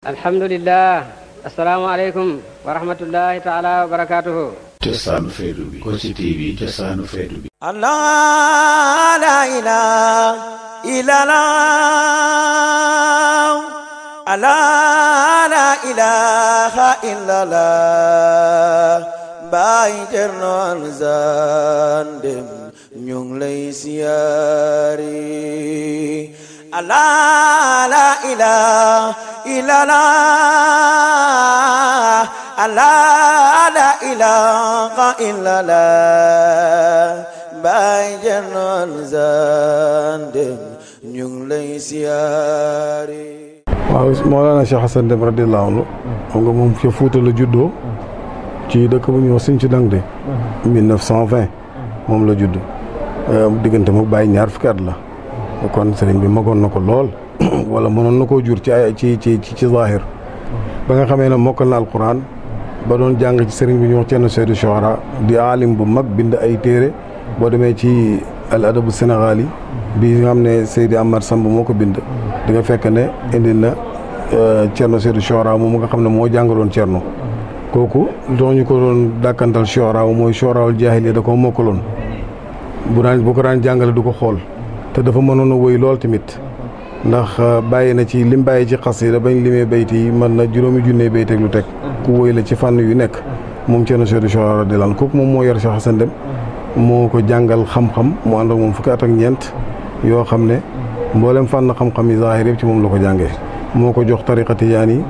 alhamdulilah asalaamaaleykum wa allah allah la ilaha illallah baay Cerno Dem ñu ngi lay Allah la ilaha illallah Allah la ilaha illallah Baay Jënal Zande ñu ngi lay siyaare waaw Mawlana Cheikh Hassan Deme radiyallahu anhu xam nga moom ca Fuuta la juddoo ci dëkk bu ñuy wax Sinthiou Dangde 1920 moom la judd diggante moom bàyyi ñaar fukki at la kon sëriñ bi magoon na ko lool wala mënoon na koo jur ci ay ci ci ci zahir ba nga xamee ne mokkal na alquran ba doon jàng ci sëriñ bi ñu wax Thierno Seydou Chouara di alim bu mag bind ay téere boo demee ci al adabu sénégal yi bi nga xam ne Seydi Amar Samb moo ko bind di nga fekk ne indi na euh, Thierno Seydou Chouara moom nga xam ne moo jàngaloon Thierno kooku doo ñu ko doon dàkkantal Chouara mooy Chouaraul jaahiliya da koo mokkaloon bu daan ko daan jàngale du ko xool te dafa mënoon a woy lool tamit ndax euh, bàyyi na ci lim bàyyi ci xasida bañ limee bay yi mën na juróomi junne bay ak lu teg ku woy ci fànn yu nekk moom Thierno Chérif Chouara radiyallaahu lan kooku moom moo yar Cheikh Hassane Dème moo ko jàngal xam-xam mu ànd ak moom fukki ak ñeent yoo xam ne mboolem fànn xam-xam yi zaahir yëpp ci moom la ko jàngee moo ko jox tariqa tijaan yi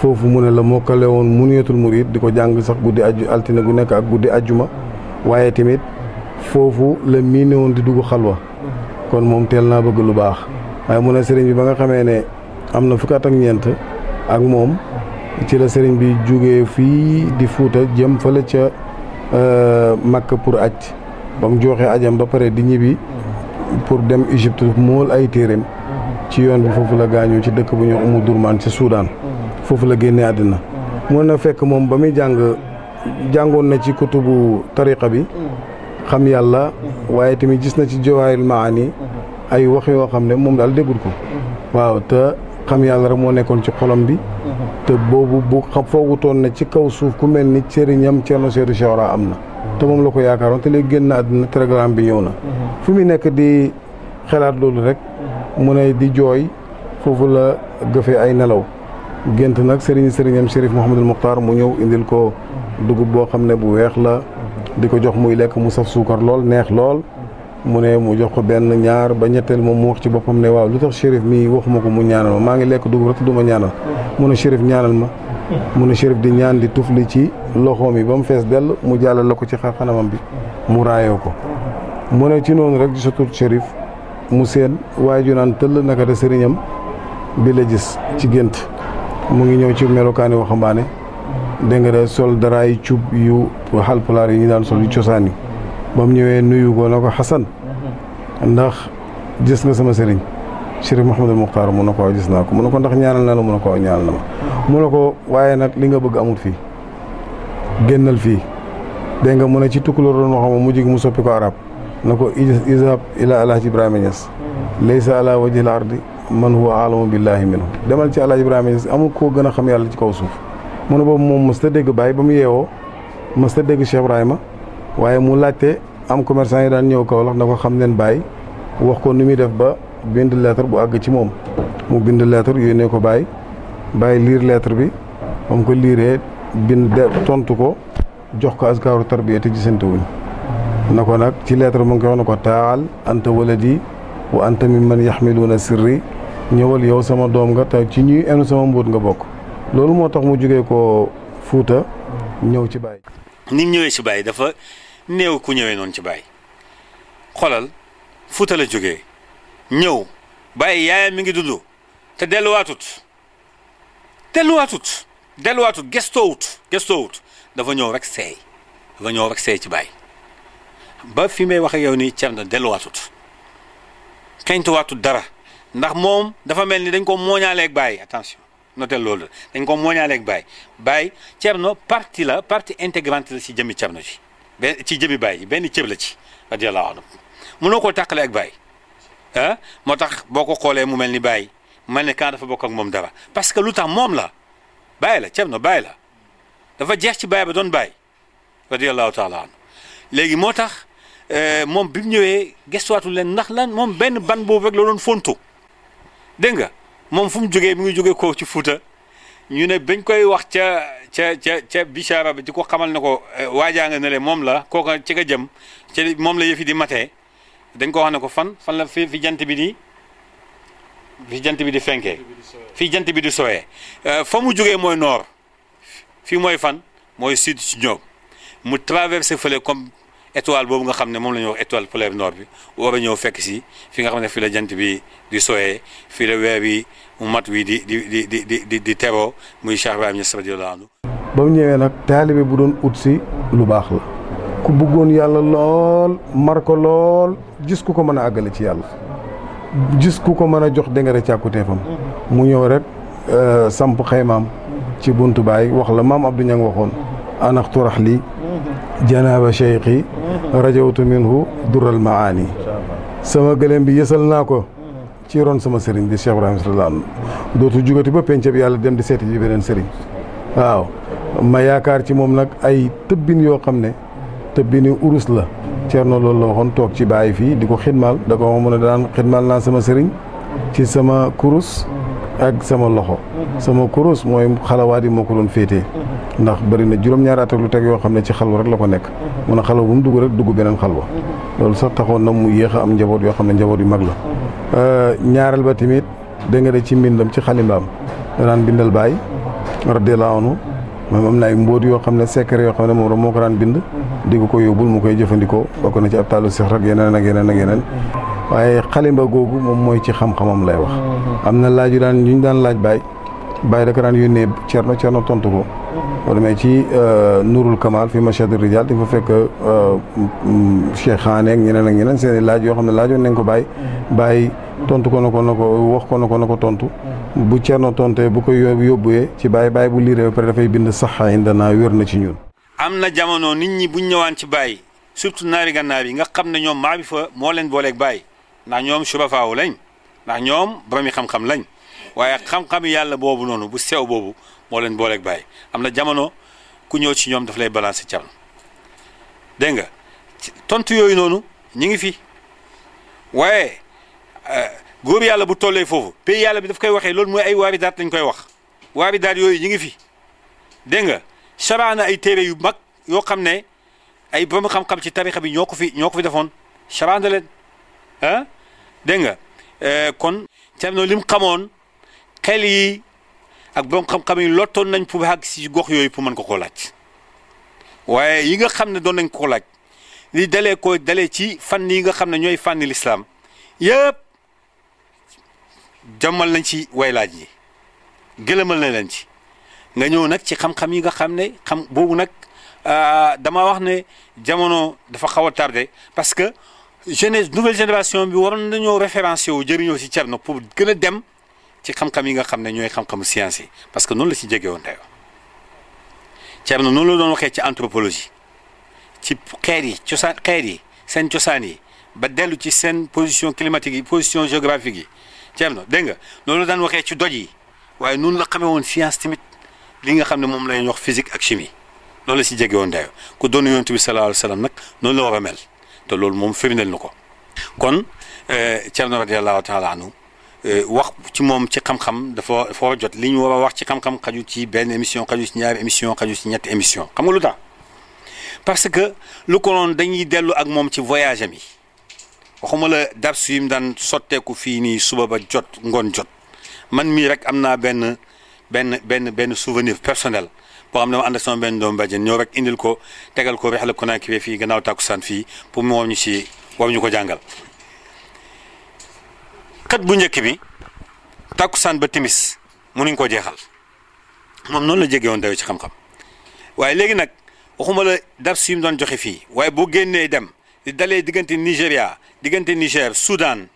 foofu mu ne la mokkale woon muniyatul murid di ko jàng sax guddi aju altine gu nekk ak guddi ajjuma waaye tamit foofu la miine woon di dugg xalwa kon moom teel naa bëgg lu baax waaye mu ne sëriñ bi ba nga xamee ne am na fukkaat ak ñeent ak moom ci la sëriñ bi jógee fii di Fuuta jëm fële ca euh, Makka pour aj ba mu ajam ba pare di ñibbi pour dem Égypte mool ay téereem ci yoon bi foofu la gaañoo ci dëkk bu ñu umu durmaan ci Soudan foofu la génnee àddina mun na fekk moom ba muy jàng jàngoon na ci kutubu tariqa bi xam yàlla waaye tamit gis na ci jawaayul maani ay wax yoo xam ne moom daal déggul ko waaw te xam yàlla rek moo nekkoon ci xolam bi te boobu bu xam foogutoon na ci kaw suuf ku mel ni sëriñam Cerno Seydou Chawra am na te moom la ko yaakaaroon te léegi génn na àdduna télégramme bi ñëw na fu mu nekk di xelaat loolu rek mu ne di jooy foofu la gëfee ay nelaw gént nag sëriñ sëriñam Chérif Mouhamadul Mokhtar mu ñëw indil ko dugub boo xam ne bu weex la di ko jox muy lekk mu saf suukar lool neex lool mu ne mu jox ko benn ñaar ba ñetteel moom mu wax ci boppam ne waaw lu tax shérif mii waxuma ko mu ñaanal ma maa ngi lekk dugub rek du ma ñaanal mu ne shérif ñaanal ma mu ne shérif di ñaan di tufli ci loxoom yi ba mu fees dell mu jàllal la ko ci xar xanamam bi mu raayoo ko mu ne ci noonu rek di sotul shérif mu séen waaye ju naan tëll naka te sëriñam bi la gis ci gént mu ngi ñëw ci melokaani waxambaane dégg nga sol dara yi cub yu xalpulaar yi ñu daan sol yu cosaan yi ba mu ñëwee nuyu ko na ko xasan ndax gis nga sama sëriñ Chérif Mouhamadou Mokhtar mu na ko gis naa ko mu ne ko ndax ñaanal na la mu ne ko ñaanal na ma mu ne ko waaye nag li nga bëgg amut fii génnal fii dégg nga mu ne ci tukkulóor doon waxama mu jig mu soppi ko arab na ko izhab ila alhaji Ibrahima Niass laysa ala wajhil ardi man huwa alamu billahi minhu demal ci alhaji Ibrahima Niass koo gën a xam yàlla ci kaw suuf mu ne boobu moom mësta dégg Baye ba mu yeewoo mësta dégg Cheikh Ibrahima waaye mu laajte am commerçant yi daan ñëw Kaolack na ko xam leen Baye wax ko nu muy def ba bind lettre bu àgg ci moom mu bind lettre yónnee ko Baye Baye liir lettre bi moom ko liiree bind tontu ko jox ko askaaru tarbiya te gisante wuñ na ko nag ci lettre mu koy wax na ko taal anta waladi wa anta mimman yaxmiluuna sirri ñëwal yow sama doom nga te ci ñuy enu sama mbuut nga bokk loolu moo tax mu jógee ko Fuuta ñëw ci Baye. ni ñëwee ci Baye dafa néew ku ñëwee noonu ci Baye xoolal Fuuta la jógee ñëw Baye yaayam mi ngi dund te delluwaatut delluwaatut delluwaatut gestoowut gestoowut dafa ñëw rekk seey dafa ñëw rek seey ci Baye ba fi may wax ak yow nii Thierno delluwaatut xeñtuwaatut dara ndax moom dafa mel ni dañ ko mooñaaleeg Baye attention. notel loolu dañ ko mooñaale baay baay Baye Thierno parti la parti intégrante la ci jëmmi Thierno ji benn ci jëmmi Baye ji benn cër la ci radiyallahu mu noo koo tàqale ak Baye ah moo tax boo ko xoolee mu mel ni Baye mel ne quand dafa bokk ak moom dara parce que lu tax moom la Baye la Thierno Baye la dafa jeex ci baay ba doon Baye radiyallahu taala anhu léegi moo tax euh, moom bi mu ñëwee gestuwaatul leen ndax lan moom benn ban boobu rek la doon fontu dégg nga moom fu mu jógee mu ngi jógee ko ci Fuuta ñu ne bañ koy wax ca ca ca ca bichara bi di ko xamal ne ko eh, waajaa nga ne le moom la kooka ci ka jëm ci moom la yëfi di matee dañ ko wax ne ko fan fan la fi fi jant bi di fi jant bi di fenkee fii jant bi di sooyee eh, fa mu jógee mooy noor fii mooy fan mooy sud si ñoom mu traversé fële comme étoile boobu nga xam ne moom lañu ñuy wax étoile polaire nord bi war a ñëw fekk si fi nga xam ne fi la jant bi di soyee fi la weer wi mu mat wi di di di di di di di teroo muy Cheikh Ibrahima Niass radiyallahu ba mu ñëwee nag taalibe bu doon ut si lu baax la ku bëggoon yàlla lool mar ko lool gis ku ko mën a àggale ci yàlla gis ku ko mën a jox dengare càkkuteefam mu ñëw rek euh, samp xaymaam ci buntu baay wax la maam Abdou Niang waxoon anax turax janaaba cheikhi rajawtu minhu dural maani sama gëlëm bi yësal naa ko ci ron sama sëriñ bi Cheikh Ibrahima sallallahu alayhi wasallam dootu jugati ba penc yàlla dem di seeti ji beneen sëriñ waaw ma yaakaar ci moom nag ay tëbbin yoo xam ne tëbbini urus la Ceerno loolu la waxoon toog ci bàyyi fii di ko xidmaal da ko wax mu ne daan xidmaal naa sama sëriñ ci sama kurus ak sama loxo sama kurus mooy xalawaat yi moo ko doon féetee ndax bari na juróom-ñaari at ak lu teg yoo xam ne ci xalwa rek la ko nekk mun a xalwa bu mu dugg rek dugg beneen xalwa loolu sax taxoon na mu yéex am njaboot yoo xam ne njaboot yu mag la euh, ñaareel ba tamit dégg nga de ci mbindam ci xalimbaam danaan bindal baay radiyallahu anhu moom na ay mbóot yoo xam ne secret yoo xam ne moom rek moo ko daan bind di ko yóbbul mu koy jëfandikoo bokk na ci ab taalu six rek yeneen ak yeneen ak yeneen waaye xalimba googu moom mooy ci xam-xamam lay wax mm-hmm. am na laaj yu daan yu ñu daan laaj baay Baye da ko daan yónnee Cerno Cerno tontu ko. boo demee ci euh, Nurul Kamal fi Machadou Rijal di fa fekk euh, Cheikh Xaane ak ñeneen ak ñeneen seen laaj yoo xam ne laajoon nañ ko Baye. Baye tontu ko na ko na ko wax ko na ko na ko tontu. bu Cerno tontee bu ko yóbbuwee ci Baye Baye bu liiree ba pare dafay bind saxaay danaa wér na ci ñun. am na jamono nit ñi buñ ñëwaan ci Baye surtout naari gànnaar yi nga xam ne ñoom maa fa moo leen booleeg Baye ndax ñoom subafaaw lañ ndax ñoom borom mi xam-xam lañ. waaye xam-xam yàlla boobu noonu bu sew boobu moo leen booleeg baay am na jamono ku ñëw ci ñoom daf lay balancer cam dégg nga tontu yooyu noonu ñi ngi fi waaye euh, góor yàlla bu tollee foofu pays yàlla bi daf koy waxee loolu mooy ay waari waaridaat lañ koy wax waari waaridaat yooyu ñi ngi fi dégg nga saraana ay téere yu mag yoo xam ne ay borom xam-xam ci tarixa bi ñoo ko fi ñoo ko fi defoon saraana leen ah dégg nga euh, kon Thierno lim xamoon. xel ak borom xam-xam yi lottoon nañ pou àgg ci gox yoy pou man ko ko laaj waye yi nga xamne do nañ ko laaj li dalé ko dalé ci fànn yi nga xamne ñoy ñooy l'islam yeb yëpp jàmmal nañ ci way laaj yi gëlëmal nañ leen ci nga ñew nak ci xam-xam yi nga xam ne xam boobu nag euh, dama wax ne jamono dafa xawa tardé parce que jeunesse nouvelle génération bi waroon nañoo référencé wu jëriñoo ci Cerno pour gëna dem. ci xam-xam yi nga xam ne ñooy xam-xamu science yi parce que noonu la ci jege woon tey Thierno noonu la doon waxee ci anthropologie ci xeer yi cosaan xeer yi seen cosaan yi ba dellu ci seen position climatique yi position géographique yi Thierno dégg nga noonu la daan waxee ci doj yi waaye noonu la xamee woon science tamit li nga xam ne moom la ñuy wax physique ak chimie loolu la ci jege woon tey ku doon yonent bi sallallahu alayhi wa sallam nag noonu la war a mel te loolu moom firndeel na ko kon Thierno radiyallahu taala anhu Eh, wax ci moom ci xam-xam dafa dafa jot li ñu war wax ci xam-xam xaju ci benn émission xaju ci ñaari émission xaju ci ñetti émission xam nga lu tax parce que lu ko dañuy dellu ak moom ci voyage am yi waxuma la yi mu daan sotteeku fii nii suba ba jot ngoon jot man mii rek am naa benn benn benn benn souvenir personnel boo xam ne ma ànd ak sama benn doomu bàjjen ñëw rek indil ko tegal ko reexal ko naa kii fii gannaaw tàkkusaan fii pour mu ñu si woo ñu ko jàngal. xët bu njëkk bi tàkkusaan ba timis munuñ koo jeexal moom noonu la jege woon dayo ci xam-xam waaye léegi nag waxuma la dars yi mu doon joxe fii waaye boo génnee dem di dalee diggante Nigéria diggante Niger Soudan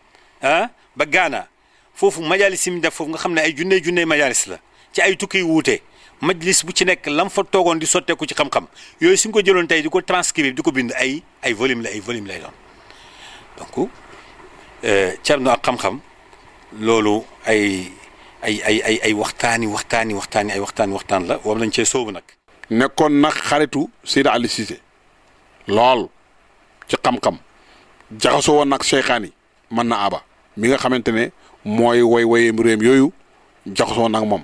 ah ba Ghana foofu majalis yi mu def foofu nga xam ne ay junney junney majalis la ci ay tukki wute majlis bu ci nekk lam fa toogoon di sotteeku ci xam-xam yooyu suñ ko jëloon tey di ko transcrire di ko bind ay ay volume la ay volume lay doon cerno eh, ak xam-xam loolu ay ay ay ay ay waxtaani waxtaani waxtaani ay waxtaani waxtaan la war nañ cee sóobu nag. nekkoon nag xaritu Seydi Ali lool ci xam-xam jaxasoo woon nag Cheikhaan mën na aba mi nga xamante ne mooy woy woyeem réem yooyu jaxasoo nag moom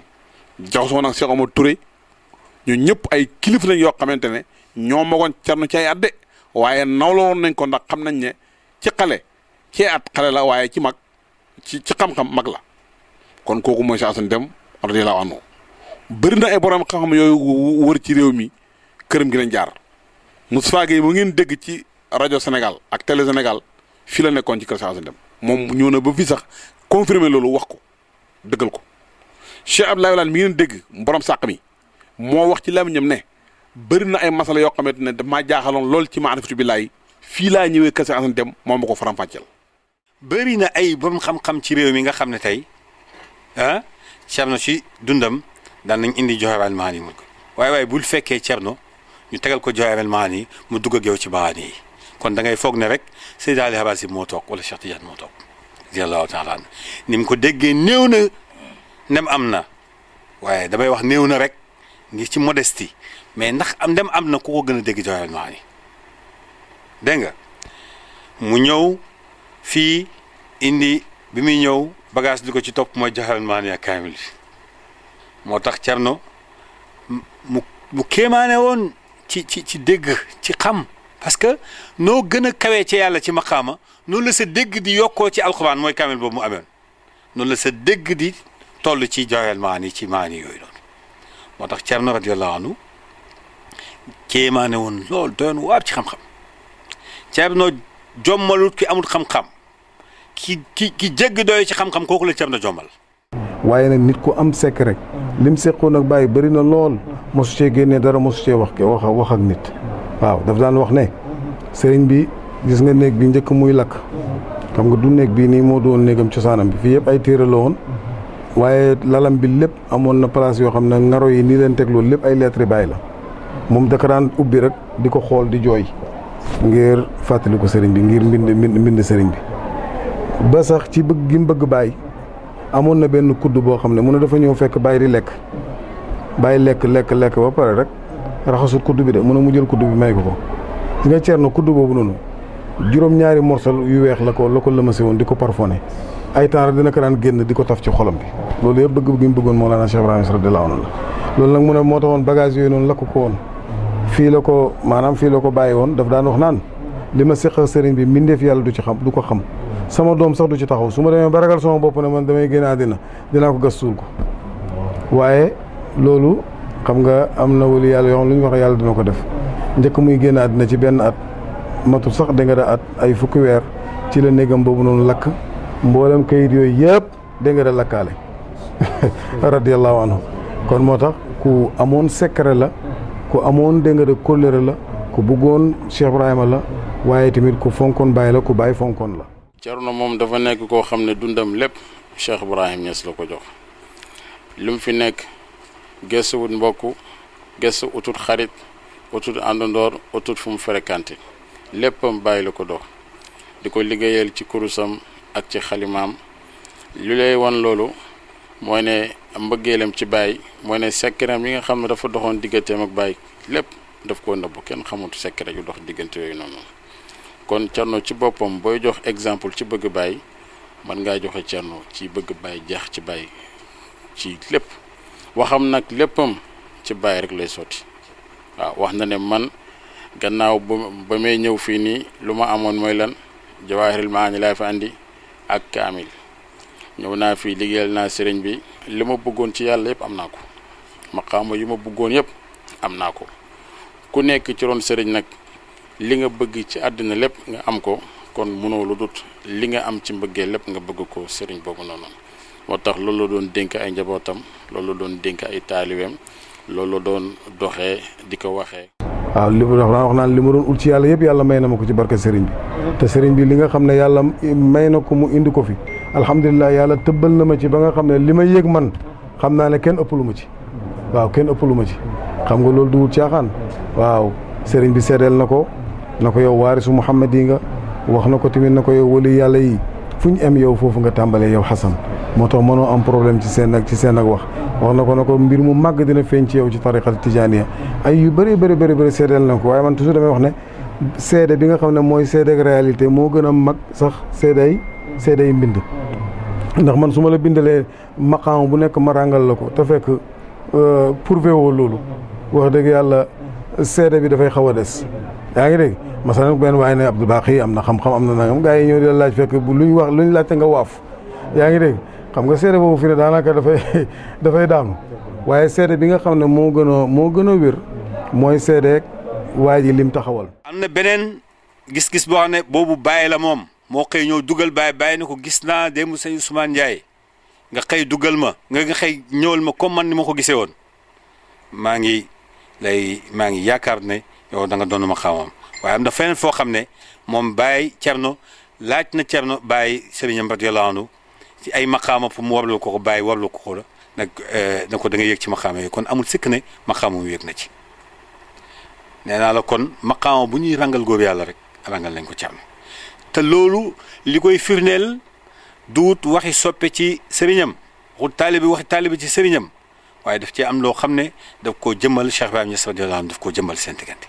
jaxasoo nag Cheikh Omar Touré ñu ñëpp ay kilif lañ yoo xamante ne ñoo magoon cernu ci ay adde waaye nawloo woon nañ ko ndax xam nañ ne ci xale. kee at xale la waaye ci mag ci ci xam-xam mag la kon kooku mooy Cheikh Assane Dème radiyallahu anhu bëri na ay borom xam-xam yooyu wër ci réew mi këram gi lañ jaar Moustapha Gueye mu ngeen dégg ci rajo Sénégal ak télé Sénégal fii la nekkoon ci kër Cheikh Assane Dème moom ñëw na ba fii sax confirmer loolu wax ko dëggal ko Cheikh Abdoulaye Wilane mi ngeen dégg borom sàq mi moo wax ci làmmiñam ne bëri na ay masala yoo xamante ne damaa jaaxaloon lool ci maarifatu billaahi fii laa ñëwee kër Cheikh Assane moom ma ko faram bëri na ay borom xam-xam ci réew mi nga xam ne tey ah cerno si dundam daan nañ indi joxeral maani mu ko waaye waaye bul fekkee cerno ñu tegal ko joxeral maani mu dugg ak yow ci maani yi kon da ngay foog ne rek Seydi Ali si moo toog wala Cheikh Tidiane moo toog radiyallahu taala an ni mu ko déggee néew na ndem am na waaye damay wax néew na rek ngir ci modestie mais ndax am ndem am na ku ko gën a dégg joxeral maani dégg nga mu ñëw fi indi bi muy ñëw bagage diko ci top mo jaxal man ya kamil moo tax Cerno mu mu kéemaane woon ci ci ci deg ci xam parce que no gëna kawé ci yàlla ci maqama no la sa deg di yokko ci alquran moy kamil boobu mu amoon no la sa deg di toll ci jaxal man ci man yoy do moo tax Cerno radiyallahu anhu kemaane won lol doon waar ci xam-xam ci abno jomalut ki amul xam-xam ki ki ki jégg doy ci xam-xam kooku la Cerno Jombal waaye nag nit ku am sekk rek lim seqoon ak bàyyi bëri na lool mosu cee génnee dara mosu cee wax ke wax wax ak nit waaw daf daan wax ne sëriñ bi gis nga néeg bi njëkk muy lakk xam nga du néeg bii nii moo doon néegam cosaanam bi fii yëpp ay téere waaye lalam bi lépp amoon na place yoo xam ne ngaro yi nii leen tegloo lépp ay lettre bàyyi la moom da daan ubbi rek di ko xool di jooy ngir fàttali ko sëriñ bi ngir mbind mbind sëriñ bi ba sax ci bëgg gim mu bëgg bàyyi amoon na benn kudd boo xam ne mu ne dafa ñëw fekk bàyyi di lekk bàyyi lekk lekk lekk ba pare rek raxasut kudd bi de mu ne mu jël kudd bi may ko ko li ceer na kudd boobu noonu juróom-ñaari morsal yu weex la ko la ko lëmasi woon di ko parfoné ay temps dina ko daan génn di ko taf ci xolam bi loolu yëpp bëgg gi mu bëggoon Mawlana Cheikh Ibrahima Niass radiyallahu anhu la loolu moo taxoon bagage noonu la ko ko woon fii la ko maanaam fii la ko bàyyi woon daf daan wax naan li ma seq sëriñ bi mbindeef yàlla du ci xam du ko xam sama doom sax du ci taxaw su ma demee ba ragal sama bopp ne man damay génn àddina dinaa ko gas suul ko waaye loolu xam nga am na wali yàlla yoon lu ñu wax yàlla dina ko def njëkk muy génn àddina ci benn at matul sax da at ay fukki weer ci la néegam boobu noonu lakk mboolem kayit yooyu yëpp da nga da lakkaale radiallahu anhu kon moo tax ku amoon secret la ku amoon da nga da kóllëre la ku bëggoon Cheikh Ibrahima la waaye tamit ku fonkoon bàyyi la ku bàyyi fonkoon la na moom dafa nekk koo xam ne dundam lépp Cheikh Ibrahim Niass la ko jox lu mu fi nekk gëstuwut mbokk gëstu utut xarit utut àndandoor utut fu mu fréquenté léppam bàyyi la ko dox di ko liggéeyal ci kurusam ak ci xalimaam lu lay wan loolu mooy ne mbëggeelam ci bàyyi mooy ne sekkeram yi nga xam ne dafa doxoon digganteem ak bàyyi lépp daf koo nëbbu kenn xamut sekkere yu dox diggante yooyu noonu. kon Thierno ci boppam booy jox exemple ci bëgg bàyyi mën ngaa joxe Thierno ci bëgg bàyyi jeex ci bàyyi ci lépp waxam nag léppam ci bàyyi rek lay sotti waaw wax na ne man gannaaw ba ba may ñëw fii nii lu ma amoon mooy lan jawaahiril maani laa fi ak kaamil ñëw naa fii liggéeyal naa sëriñ bi li ma bëggoon ci yàlla yëpp am naa ko maqaama yu ma bëggoon yépp am naa ko ku nekk ci ron sëriñ nag li nga bëgg ci àddina lépp nga am ko kon mënoo lu dut li nga am ci mbëggee lépp nga bëgg ko sëriñ boobu noonu moo tax loolu la doon dénk ay njabootam loolu la doon dénk ay taaliweem loolu la doon doxee di ko waxee. waaw ah, li mu wax naan wax naan li mu doon ut ci yàlla yëpp yàlla may na ma ko ci barke sëriñ bi te sëriñ bi li nga xam ne yàlla may na ko mu indi ko fi alhamdulilah yàlla tëbbal na ma ci ba nga xam ne li ma yëg man xam naa ne kenn ëpp lu ma ci waaw kenn ëpp lu ma ci xam nga loolu du wut caaxaan waaw sëriñ bi seedeel na ko. na ko yow waarisu Muhammad yi nga wax na ko tamit na ko yow wali yàlla yi fu ñu am yow foofu nga tàmbalee yow Xasan moo tax mënoo am problème ci seen ak ci seen ak wax wax na ko na ko mbir mu màgg dina feeñ ci yow ci tariqa tijaaniya ay yu bëri bëri bëri bëri seedeel na ko waaye man toujours damay wax ne seede bi nga xam ne mooy seede réalité moo gën a mag sax seeday seeday mbind ndax man su ma la bindalee maqaam bu nekk ma ràngal la ko te fekk euh, prouvé woo loolu wax dëgg yàlla seede bi dafay xaw a des yaa ngi dégg masalan benn waaye ne baax yi am na xam-xam am na nangam gars yi ñëw di la laaj fekk bu luñ wax laajte nga waaf yaa ngi dégg xam nga seede boobu fi ne daanaka dafay dafay daanu waaye seede bi nga xam ne moo gën a moo gën a wér mooy seedeek waa ji lim taxawal am na beneen gis-gis boo xam ne boobu bàyyi la moom moo xëy ñëw dugal bàyyi bàyyi na ko gis naa mu sëñ Ousmane Ndiaye nga xëy dugal ma nga xëy ñëwal ma comme man ni ma ko gisee woon maa ngi maa ngi yaakaar ne yow da nga doon ma xamam waaye am na feneen foo xam ne moom Baye Cerno laaj na Cerno Baye sëriñam radiyallahu anhu ci ay maqaama pour mu warloo ko ko Baye warloo ko ko la nag eh, na ko da nga yëg ci maqaama yooyu kon amul sikk ne maqaama yëg na ci nee naa la kon maqaama bu ñuy rangal góor yàlla rek rangal nañ ko Cerno te loolu li koy firndeel duut waxi soppe ci sëriñam waxul taalibi waxi taalibi ci sëriñam waaye daf ci am loo xam ne daf koo jëmal Cheikh Ibrahima Niass radiyallahu anhu daf koo jëmal seen diggante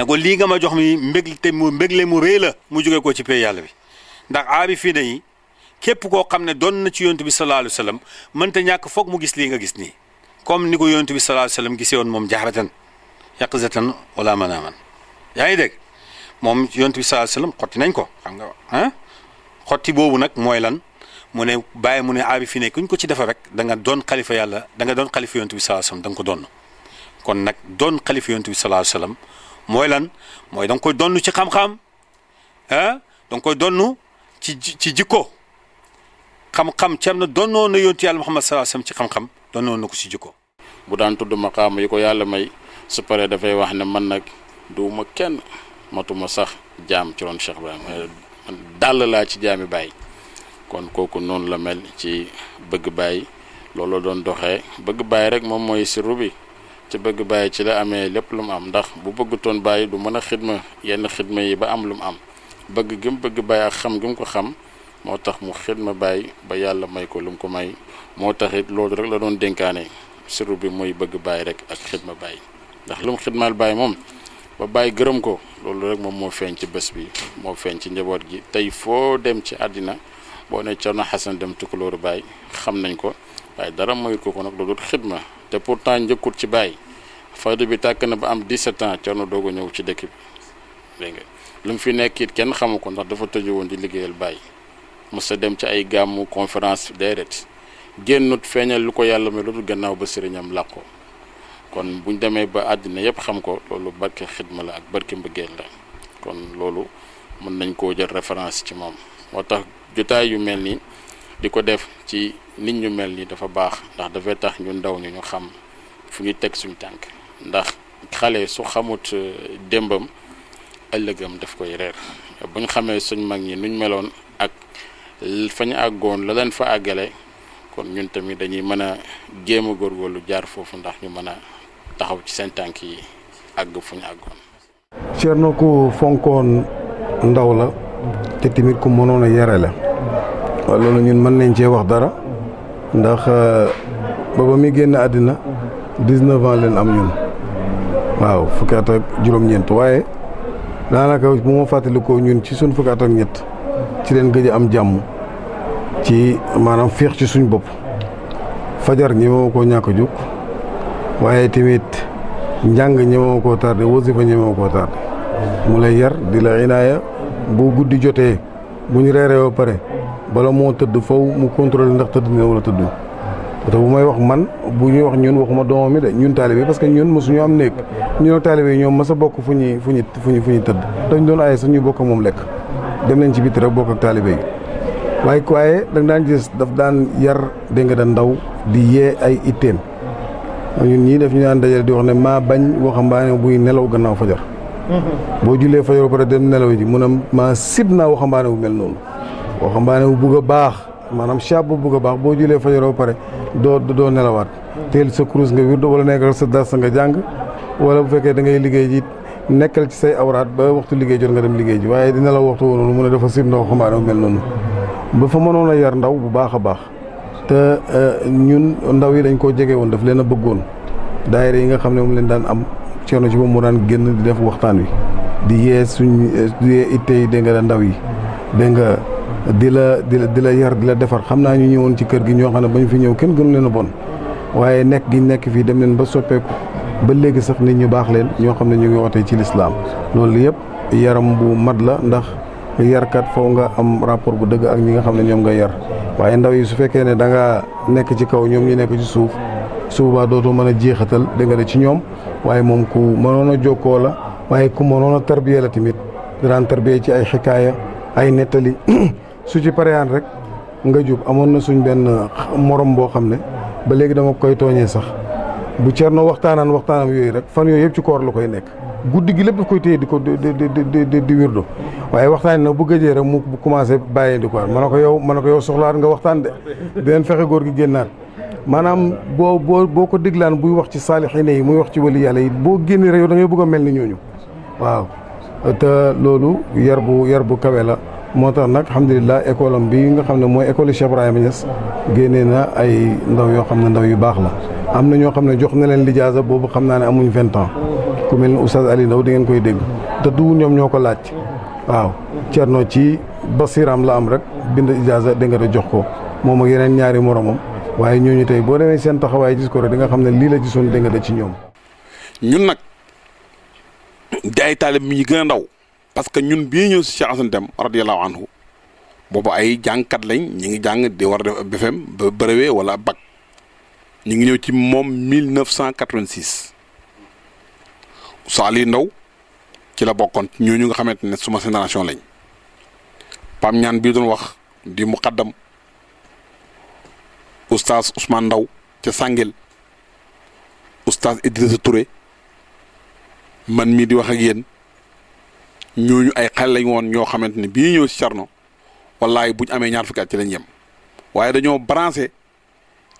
ne ko lii nga ma jox mi mbég te mu mbégle mu rëy la mu jóge ko ci pay yàlla bi ndax aabi fii na yi képp koo xam ne doon na ci yontu bi sallallahu alayhi wa ñàkk foog mu gis lii nga gis nii comme ni ko yontu bi sallallahu alayhi wa gisee woon moom jaxratan yaqzatan wala manaaman yaa ngi dégg moom yontu bi sallallahu alayhi wa xotti nañ ko xam nga ah xotti boobu nag mooy lan mu ne bàyyi mu ne aabi fii kuñ ko ci defa rek da nga doon xalifa yàlla danga nga doon xalifa yontu bi sallallahu da nga ko doon kon nag doon xalifa yontu bi sallallahu alayhi mooy lan mooy da koy donn ci xam-xam ah da koy donn ci ci jikko xam-xam cem na donnoon na yonti yàlla Muhammad sallallahu alayhi wasallam ci xam-xam donnoon na ko ci jikko bu daan tudd maqaama yi ko yàlla may su paree dafay wax ne man nag duuma kenn matuma sax jaam ci roon Cheikh Ibrahima eh, man laa ci jaami Baay kon kooku noonu la mel ci bëgg Baay looloo doon doxee bëgg Baay rek moom mooy sirru bi ci bëgg bàyyi ci la amee lépp lu mu am ndax bu bëgg toon bàyyi du mën a xidma yenn xidma yi ba am lu mu am bëgg gi mu bëgg bàyyi ak xam gi mu ko xam moo tax mu xidma bàyyi ba yàlla may ko lu mu ko may moo tax it loolu rek la doon dénkaane siru bi muy bëgg bàyyi rek ak xidma bàyyi ndax lu mu xidmaal bàyyi moom ba bàyyi gërëm ko loolu rek moom moo feeñ ci bés bi moo feeñ ci njaboot gi tey foo dem ci àddina boo ne Cerno Xasan dem Tukulóoru bàyyi xam nañ ko waaye dara mayut ko ko nag loolu xidma te pourtant njëkkut ci bàyyi faydu bi tàkk na ba am 17 ans Cerno doo a ñëw ci dëkk bi dégg nga lu mu fi nekk it kenn xamu ko ndax dafa tëju woon di liggéeyal bàyyi mos sa dem ci ay gàmmu conférence déedéet génnut feeñal lu ko yàlla may loolu gannaaw ba sëriñam làqoo kon buñ demee ba àddina yëpp xam ko loolu barke xidma la ak barke mbëggeel la kon loolu mën nañ koo jël référence ci moom moo tax jotaay yu mel nii di ko def ci nit ñu mel nii dafa baax ndax dafay tax ñu ndaw ñu ñu xam fu ñu teg suñu tànk ndax xale su xamut euh, démbam ëllëgam daf koy reer bu ñu xamee suñ mag ñi nuñ meloon ak fa ñu àggoon la fa àggale kon ñun tamit dañuy mën a jéem a lu jaar foofu ndax ñu mën a taxaw ci seen tànk yi àgg fu ñu àggoon. Thierno ku fonkoon ndaw la te tamit ku mënoon a yare la. waaw loolu ñun mën nañ cee wax dara ndax euh, booba mi génn àddina dix-neuf leen am ñun waaw fukki at juróom-ñeent waaye daanaka bu ma fàttalikoo ñun ci suñ fukki at ñett ci leen gëj am jàmm ci maanaam féex ci suñ bopp fajar ñemewu koo ñàkk jóg waaye tamit njàng ñemewu koo tardé wasifa ñemewu koo tardé mu lay yar di la inaaya bu guddi jotee bu ñu reeree ba pare bala moo tëdd faw mu contrôler ndax tëdd na wala tëdd tëddu que bu may wax man bu ñuy wax ñun waxuma doomam mi de ñun taalibe parce que ñun mosuñu am néeg ñun taalibe ñoom mas a bokk fu ñuy fu ñu fu ñuy fu ñu tëdd dañ doon aaye sax ñu bokk moom lekk dem nañ ci biti rek bokk ak taalibe yi waaye ku aaye da nga daan gis daf daan yar dégg nga da ndaw di yee ay itteem ñun ñii def ñu daan dajale di wax ne maa bañ waxambaane buy nelaw gannaaw fajar mm-hmm. boo jullee fajar ba pare dem ji mu ne maa sib naa waxambaane bu mel waxambaane bu bugg a baax maanaam chab bu bugg a baax boo julee fajaroo pare doo doo nelawaat teel sa kurus nga wirdo wala nekkal sa das nga jàng wala bu fekkee da ngay liggéey ji nekkal ci say awraat ba waxtu liggéey jot nga dem liggéey ji waaye di nelaw waxtu woon mu a dafa sib ndaw waxambaane bu mel noonu ba fa mënoon a yar ndaw bu baax a baax te eh, ñun ndaw yi dañ koo jege woon daf leen a bëggoon daayira yi nga xam ne moom leen daan am ceerno ci moom moo génn di def waxtaan wi di yee suñ eh, di yee itte ndaw yi dégg nga di la di la di la yar la defar xam naa ñu ñëwoon ci kër gi ñoo xam ne ba fi ñëw kenn gënu leen a bon waaye nekk gi nekk fii dem leen ba soppeeku ba léegi sax nit ñu baax leen ñoo xam ne ñu ngi wootee ci lislaam loolu yëpp yaram bu mat la ndax yarkat foo nga am rapport bu dëgg ak ñi nga xam ne ñoom nga yar waaye ndaw yi su fekkee ne da nekk ci kaw ñoom ñu nekk ci suuf su dootoo mën a jeexatal dégg nga ci ñoom waaye moom ku mënoon a jokkoo la waaye ku mënoon a tarbiya la tamit daan tarbiya ci ay xikaaya ay nettali su ci pareyaan rek nga jub amoon na suñ benn morom boo xam ne ba léegi dama koy tooñee sax bu Thierno waxtaanaan waxtaanam yooyu rek fan yooyu yëpp ci koor lu koy nekk guddi gi lépp daf koy téye di ko di di di di wirdo waaye waxtaan na bu gëjee rek mu commencé bàyyee di ko waat ma ko yow ma ko yow soxlaat nga waxtaan de dineen fexe góor gi génnaat maanaam boo boo boo ko déglaan buy wax ci saalixine yi muy wax ci wali yàlla yi boo génnee rek yow da ngay bëgg a mel ñooñu waaw te loolu yar bu yar bu kawe la moo tax nag alhamdulilah école am bi nga xam ne mooy école Cheikh Ibrahima Niass génnee na ay ndaw yoo xam ne ndaw yu baax la am na ñoo xam ne jox na leen lijaasa boobu xam naa ne amuñu vingt ans ku mel ni Oustaz Ali Ndaw di ngeen koy dégg te duwu ñoom ñoo ko laaj waaw noo ci basiram la am rek bind ijaasa dégg nga te jox ko moom ak yeneen ñaari moromam waaye ñooñu tey boo demee seen taxawaay gis ko rek di nga xam ne lii la gisoon dégg nga te ci ñoom ñun nag di ay taalib ndaw parce que ñun bi ñëw ci Cheikh Assane Dem radiyallahu anhu bobu ay jankat lañ ñi ngi jang di war def BFM ba brevet wala bac ñi ngi ñëw ci mom 1986 sali Ndaw ci la ñu ñu nga xamantene suma génération lañ Pam ñaan bi doon wax di muqaddam oustaz Ousmane Ndaw ci sangel oustaz Idrissa Touré man mi di wax ak yeen ñooñu ay xel lañu woon ñoo xamante ne bii ñëw si Thierno wallaay buñ amee ñaar fukki at ci lañ yem waaye dañoo branché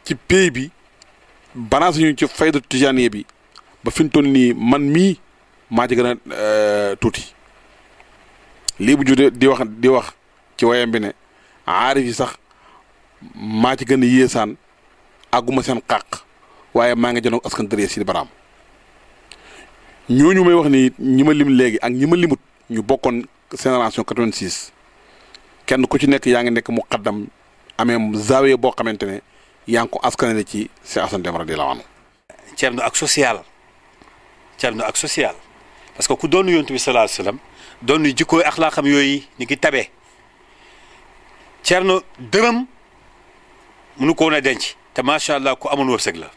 ci pays bi branché ñu ci fayda tijaniye bi ba fi toll nii man mii maa ci gën a euh, tuuti lii bu jude di wax di wax ci wayam bi ne aarif yi sax maa ci gën a yéesaan àgguma seen xàq waaye maa ngi jënoog askan dëree si baraam ñooñu may wax ni ñi ma lim léegi ak ñi ma limut ñu bokkoon génération 86 kenn ku ci nekk yaa ngi nekk mu xaddam amee zaawiya boo xamante ne yaa ngi ko askanale ci Cheikh Assane Deme radiyallahu anhu. Thierno ak social Thierno ak social parce que ku doon yonent bi sallallahu alayhi wasallam doon nu jikkooy ak laa yooyu ni ngi tabee Thierno dërëm mënu ko woon denc te macha allah ku amul wërsëg la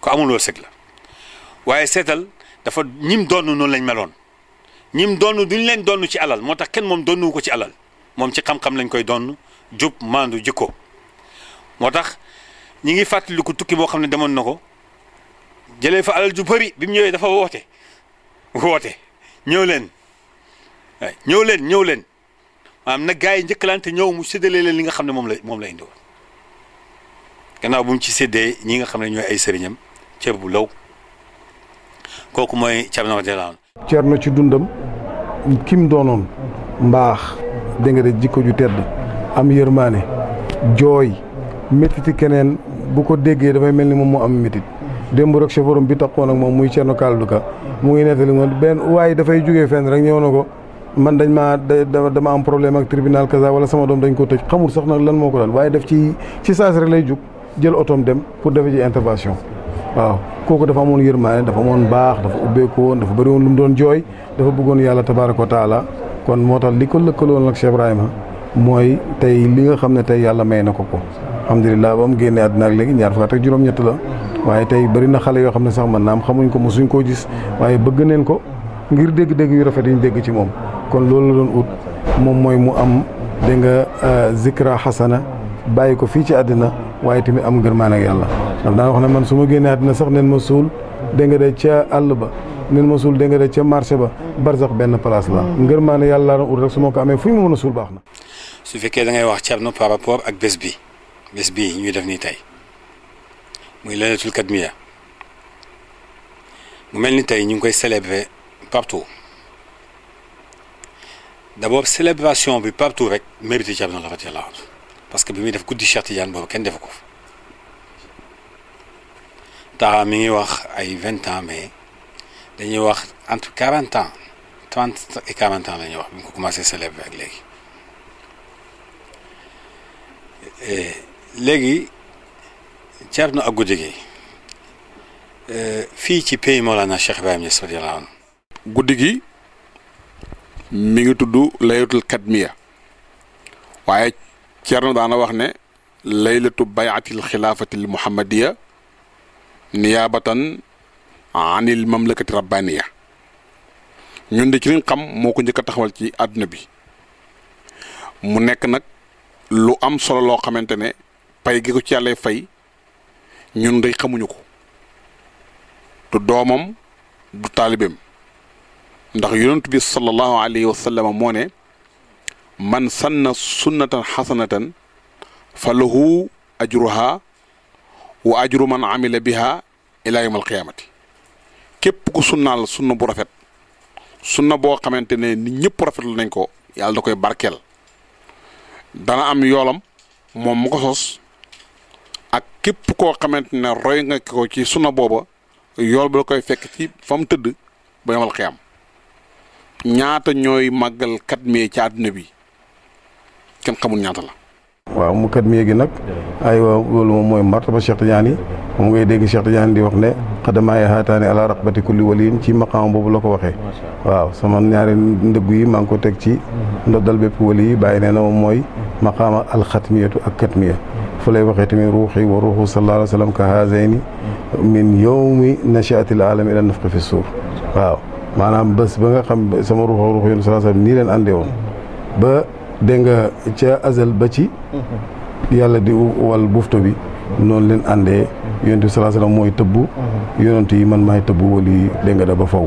ku amul wërsëg la waaye seetal dafa ñim doon noonu lañ meloon. ñim donn duñ leen donn ci alal moo tax kenn moom donnuwu ko ci alal moom ci xam-xam lañ koy donn jub maandu jikko moo tax ñi ngi fàttaliku tukki boo xam ne demoon na ko jëlee fa alal ju bëri bi ñëwee dafa woote woote ñëw leen ñëw leen ñëw leen maanaam nag gars yi njëkkalante ñëw mu séddale leen li nga xam ne moom lay moom la indiwoon gannaaw bu ci séddee ñi nga xam ne ñooy ay sëriñam ceeb bu law kooku mooy cab na cer Cerno ci dundam kim doonoon mbaax dégg nga de jikko ju tedd am yërmaane jooy métiti keneen bu ko déggee dafay mel ni moom moo am métit démb rek chauffeur bi taxoon ak moom muy Cerno Kaldu Ka mu ngi nettali ma benn waaye dafay jógee fenn rek ñëw na ko man dañ maa dama am problème ak tribunal kaza wala sama doom dañ ko tëj xamul sax nag lan moo ko dal waaye def ci ci saas lay jug jël otoom dem pour defe ci intervention waaw kooku dafa amoon yërmaane dafa amoon baax dafa ubbeeku woon dafa bari woon lu mu doon jooy dafa bëggoon yàlla tabaaraka wa taala kon moo tax li ko lëkkaloon ak Cheikh Ibrahima mooy tey li nga xam ne tey yàlla may na ko ko alhamdulilah ba mu génnee àddina ak léegi ñaar fukk ak juróom-ñett la waaye tey bari na xale yoo xam ne sax man naam xamuñ ko mosuñ koo gis waaye bëgg neen ko ngir dégg-dégg yu rafet yi ñu dégg ci moom kon loolu la doon ut moom mooy mu am dégg nga euh, zikra xasana bàyyi ko fii ci àddina waaye tamit am ngërmaan ak yàlla ndax daa wax na man suma ma génnee sax nen ma suul dégg nga de ca àll ba nen ma suul dégg nga de ca marché ba barsax ben place la mm. ngeur maa ne yàlla laa ut rek su ko amee fu ñu ma baxna su fekké da ngay wax Thierno par rapport ak bés bi bés bii ñuy def ni tay muy laylatul kadmiya mu melni tay ñu koy célébrer partout d'abord célébration bi partout rek mérité Thierno la radiyallahu parce que bi muy def goudi Cheikh Tidiane bobu kenn defu ko taa mi ngi wax ay vingt ans mais dañuy wax entre quarante ans trente et quarante ans la wax bi ko commencé célébrer ak léegi léegi Thierno ak guddi gi fii ci pays Mawlana Cheikh Ibrahim Niass radiyallahu anhu mi ngi tudd laylatul kadmiya waaye Thierno daana wax ne laylatu bayatil xilaafatil muhammadiya niyaabatan anil mamlakati rabbaniya ñun de ci liñ xam moo ko njëkk taxawal ci àdduna bi mu nekk nag lu am solo loo xamante ne pay gi ko ci yàlla fay ñun day xamuñu ko du doomam du taalibeem ndax yonent bi sallallahu alayhi wa moo ne man sanna sunnatan xasanatan fa lahu ajruha wa ajru man amila biha ila yawm alqiyamati képp ku sunnaal sunna bu rafet sunna boo xamante ne nit ya rafetlu nañ ko yàlla da koy barkeel dana am yoolam moom mu ko sos ak képp koo roy nga ko ci sunna booba yool ba da koy fekk ci fa kiam. tëdd ba yawm alqiyam ñaata ñooy màggal kat mee ci àdduna bi kenn xamul ñaata la waaw mu kat mee gi aywa loolu moom mooy martaba Cheikh Tidiane yi moom ngay dégg Cheikh Tidiane di wax ne xadamaay xaataani ala raqbati kulli waliin ci maqaam boobu la ko waxee waaw sama ñaari ndëgg yi maa ngi ko teg ci ndoddal bépp wali yi bàyyi nee na moom mooy maqaama alxatmiyatu ak katmiya fu lay waxee tamit ruuxi wa ruuxu sallallahu alayhi wa sallam ka haazayni min yowmi nachatil alami ila nafqi fi suur waaw maanaam bés ba nga xam sama ruuxu ruux yoon sallallahu alayhi wa sallam ba dégg nga ca azal ba ci mhm. yàlla di wal bufto bi noonu leen àndee yonent bi salaa salaam mooy tëbb yonent yi man maay tëbb wala yi dégg nga da ba faw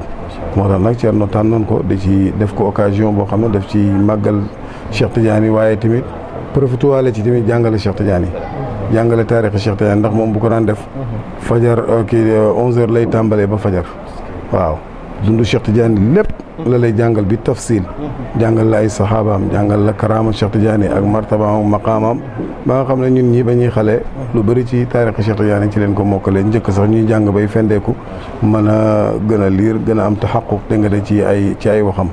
moo tax nag Thierno noon ko di ci def ko occasion boo xam ne def ci màggal Cheikh Tidiane yi waaye tamit profité waale ci tamit jàngale Cheikh Tidiane yi jàngale taarixi Cheikh Tidiane ndax moom bu ko daan def mhm. fajar euh, kii euh, onze lay tàmbalee ba fajar waaw dundu Cheikh Tidiane lépp la lay jàngal bi tafsil jàngal la ay saxaabaam jàngal la karaama Cheikh Tidiane ak martabaam maqaamaam ba nga xam ne ñun ñii ba ñuy xale lu bari ci taarixi Cheikh Tidiane ci leen ko mokkalee njëkk sax ñuy jàng bay fendeeku mën a gën a liir gën a am taxaquq dégg nga de ci ay ci ay waxam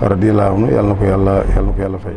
radiyallahu anhu yàlla na ko yàlla yàlla na ko yàlla fay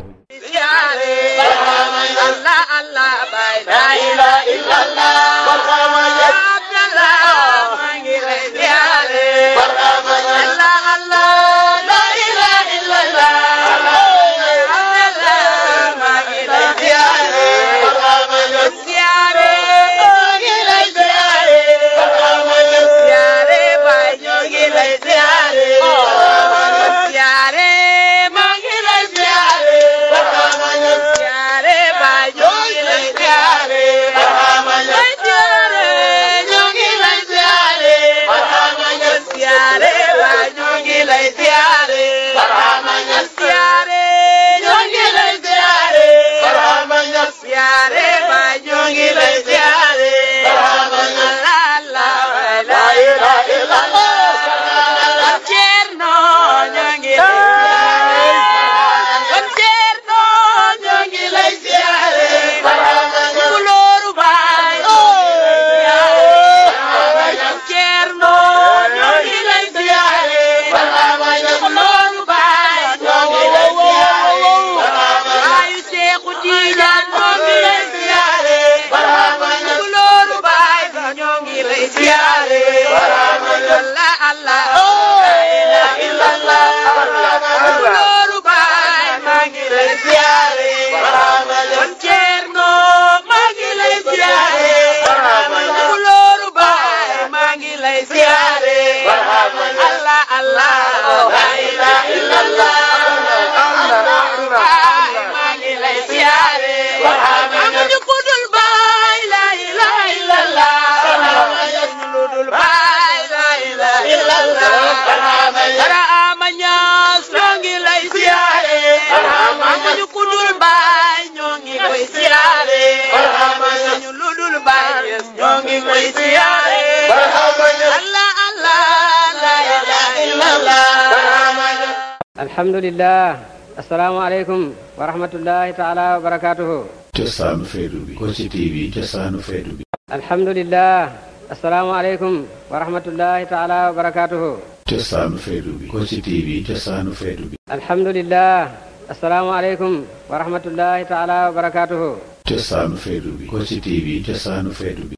lay Allah Allah alhamdulillah asalaamaaleykum wa rahmatullahi taala wa barakaatuhu cosaanu feetu bi Kossy TV cosaanu feetu bi alhamdulillah asalaamaaleykum wa rahmatullahi taala wa barakaatuhu cosaanu feetu bi Kossy TV cosaanu feetu bi alhamdulillah asalaamaaleykum wa rahmatullahi taala wa barakaatuhu cosaanu feetu bi Kossy TV cosaanu feetu bi